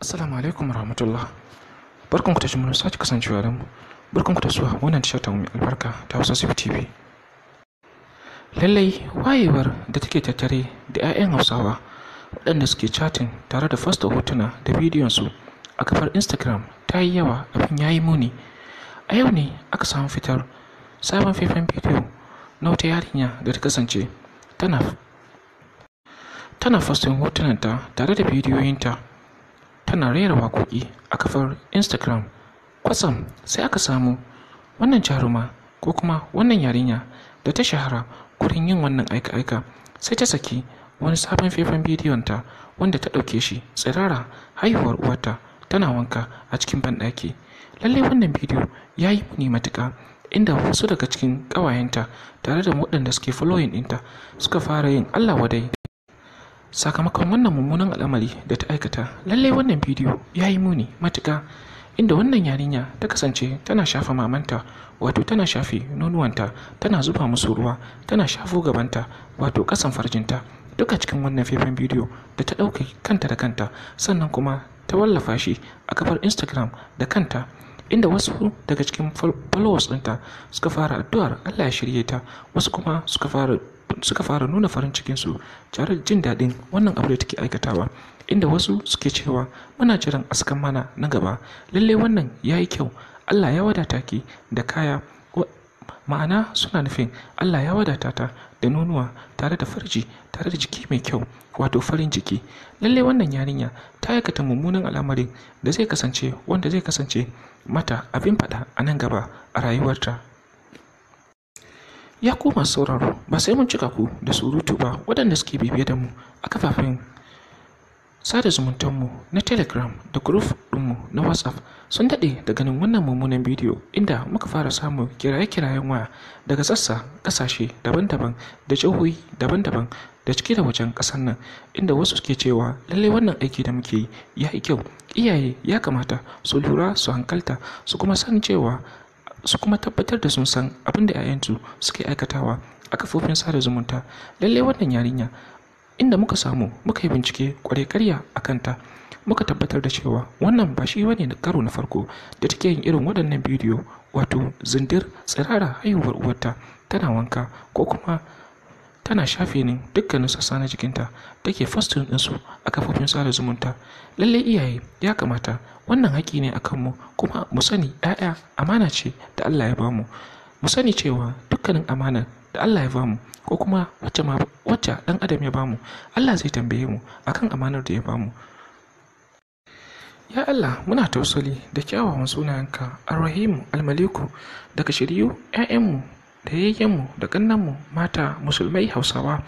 Assalamu alaikum rahmatullah, Barkan ku da jimin sake kasancewa da mu. Barkan ku da suwa wannan tashar ta mai albarka ta Hausa Sif TV. Lallai wayewar da take tattare da 'ya'yan Hausawa waɗanda suke chatin tare da fasta hotuna da bidiyon su a kafar Instagram ta yi yawa abin yayi muni. A yau ne aka samu fitar sabon faifan bidiyo na wata yarinya da ta kasance tana tana fastin hotunanta tare da bidiyoyinta tana rera waƙoƙi a kafar instagram kwatsam sai aka samu wannan jaruma ko kuma wannan yarinya da ta shahara gurin yin wannan aika-aika sai ta saki wani sabon faifan bidiyonta wanda ta ɗauke shi tsirara haihuwar uwarta tana wanka a cikin banɗaki lallai wannan bidiyo ya yi muni matuka inda wasu daga cikin ƙawayenta tare da waɗanda suke following ɗinta suka fara yin allah wadai sakamakon wannan mummunan al'amari da ta aikata lallai wannan bidiyo ya yi muni matuka inda wannan yarinya ta kasance tana shafa mamanta wato tana shafe nonuwanta tana zuba musu ruwa tana shafo gabanta wato ƙasan farjinta duka cikin wannan faifan bidiyo da ta ɗauke kanta da kanta sannan kuma ta wallafa shi a kafar instagram da kanta inda wasu daga cikin followers ɗinta suka fara addu'ar allah ya shirye ta wasu kuma suka fara suka fara nuna farin cikinsu tare da jin daɗin wannan abu da take aikatawa inda wasu suke cewa muna jiran askan mana na gaba lallai wannan ya yi kyau allah ya wadata ki da kaya ma'ana suna nufin allah ya wadata ta da nunuwa tare da farji tare da jiki mai kyau wato farin jiki lallai wannan yarinya ta aikata mummunan al'amarin da zai kasance wanda zai kasance mata abin faɗa a nan gaba a rayuwarta ya koma sauraro ba sai mun cika ku da surutu ba waɗanda suke bibiye da mu a kafafen sada zumuntanmu na telegram da group ɗinmu na whatsapp sun daɗe da ganin wannan mummunan bidiyo inda muka fara samun kiraye-kirayen waya daga sassa ƙasashe daban-daban da jihohi daban-daban da cike da wajen ƙasar nan inda wasu suke cewa lalle wannan aiki da muke yi ya yi kyau iyaye ya kamata su lura su hankalta su kuma san cewa su kuma tabbatar da sun san abin da 'ya'yansu suke aikatawa a kafofin sada zumunta lallai wannan yarinya inda muka samu muka yi bincike kware karya a kanta muka tabbatar da cewa wannan ba shi bane karo na farko da take yin irin waɗannan bidiyo wato zindir tsirara haihuwar uwarta tana wanka ko kuma tana shafe ne dukkanin sassa na jikinta take fastin ɗinsu a kafofin sada zumunta lallai iyaye ya kamata wannan haƙƙi ne akan mu kuma mu sani ɗaya amana ce da Allah ya bamu mu sani cewa dukkanin amana da Allah ya bamu ko kuma wacce ma dan adam ya bamu Allah zai tambaye mu akan amanar da ya bamu ya Allah muna tausali da kyawawan sunayenka arrahimu almaliku daga shiryu 'ya'yanmu da yayyenmu da ƙannanmu mata musulmai hausawa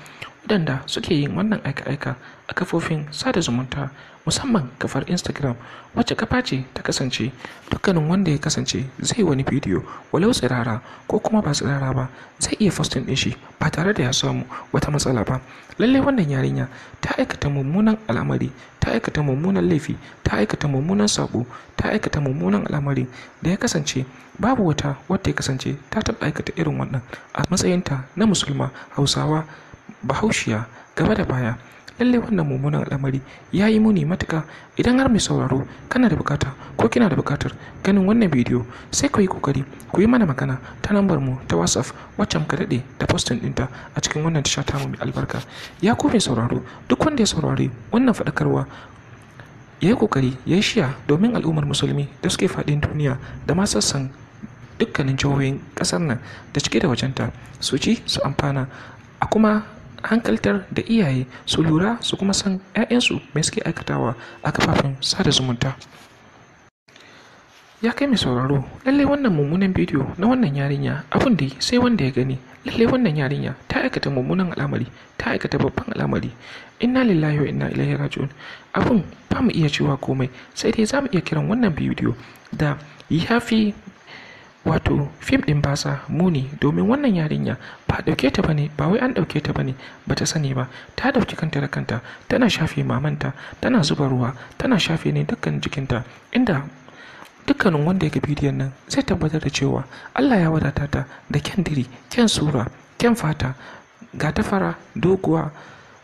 waɗanda suke yin wannan aika-aika a kafofin sada zumunta musamman kafar instagram wacce kafa ce ta kasance dukkanin wanda ya kasance zai wani bidiyo walau tsirara ko kuma ba tsirara ba zai iya fostin ɗin shi ba tare da ya samu wata matsala ba lalle wannan yarinya ta aikata mummunan al'amari ta aikata mummunan laifi ta aikata mummunan sabo ta aikata mummunan al'amari da ya kasance babu wata wadda ya kasance ta taɓa aikata irin wannan a matsayinta na musulma hausawa bahaushiya gaba da baya lallai wannan mummunan al'amari ya yi muni matuka idan har mai sauraro kana da bukata ko kina da bukatar ganin wannan bidiyo sai ku yi kokari ku yi mana magana ta lambar mu ta whatsapp wacce muka daɗe da postin dinta a cikin wannan tasha ta mai albarka ya ku mai sauraro duk wanda ya saurari wannan faɗakarwa ya yi kokari ya yi shiya domin al'ummar musulmi da suke faɗin duniya da ma sassan dukkanin jihohin kasar nan da cike da wajenta su ci su amfana a kuma hankaltar da iyaye su lura su kuma san 'ya'yansu mai suke aikatawa a kafafen sada zumunta ya kai mai sauraro lallai wannan mummunan bidiyo na wannan yarinya abin da sai wanda ya gani lallai wannan yarinya ta aikata mummunan al'amari ta aikata babban al'amari inna lillahi wa inna ilaihi raji'un abin ba mu iya cewa komai sai dai za mu iya kiran wannan bidiyo da yafi wato fim ɗin basa muni domin wannan yarinya ba a ta bane ba wai an ɗauke ta bane ba ta sani ba ta dauki kanta da kanta tana shafe mamanta tana zuba ruwa tana shafe ne dukkan jikinta inda dukkanin wanda ya bidiyon nan zai tabbatar da cewa Allah ya wadata ta da kyan diri kyan sura kyan fata ga ta fara doguwa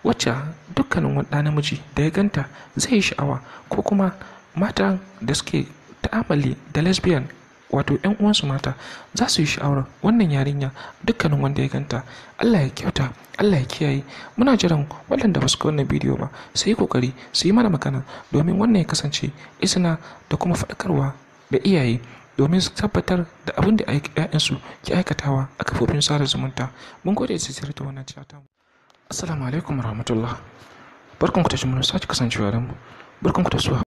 wacce dukkanin wanda namiji da ya ganta zai yi sha'awa ko kuma matan da suke ta'amali da lesbian wato yan uwansu mata za su yi sha'awar wannan yarinya dukkanin wanda ya ganta Allah ya kyauta Allah ya kiyaye muna jiran waɗanda ba su wannan bidiyo ba su yi kokari su yi mana magana domin wannan ya kasance isina da kuma faɗakarwa da iyaye domin su tabbatar da abin da ‘ya'yansu ke aikatawa a kafofin sada zumunta mun gode da tsira ta wannan ciyata assalamu alaikum warahmatullah barkan ku da jimin sake kasancewa da mu barkanku ta suwa